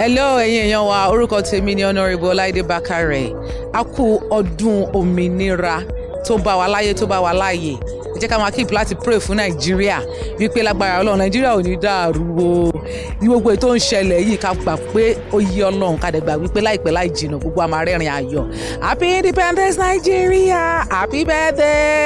hello ẹ̀yin èèyàn wa orúkọ tèmi ni honourable ọláìdé bákàrẹ a kú ọdún òmìnira tó bá wa láyé tó bá wa láàyè ẹ jẹ́ ká máa kíp láti pray fún nàìjíríà wípé lágbára ọlọ́run nàìjíríà ò ní dàrú o ní gbogbo ń ṣẹlẹ̀ yìí ká gbà pé ó yí ọlọ́run ká dẹ̀ wípé láìpẹ́ láì jìnnà gbogbo àmàrẹ́rìn ayọ̀ happy independence nigeria happy birthday.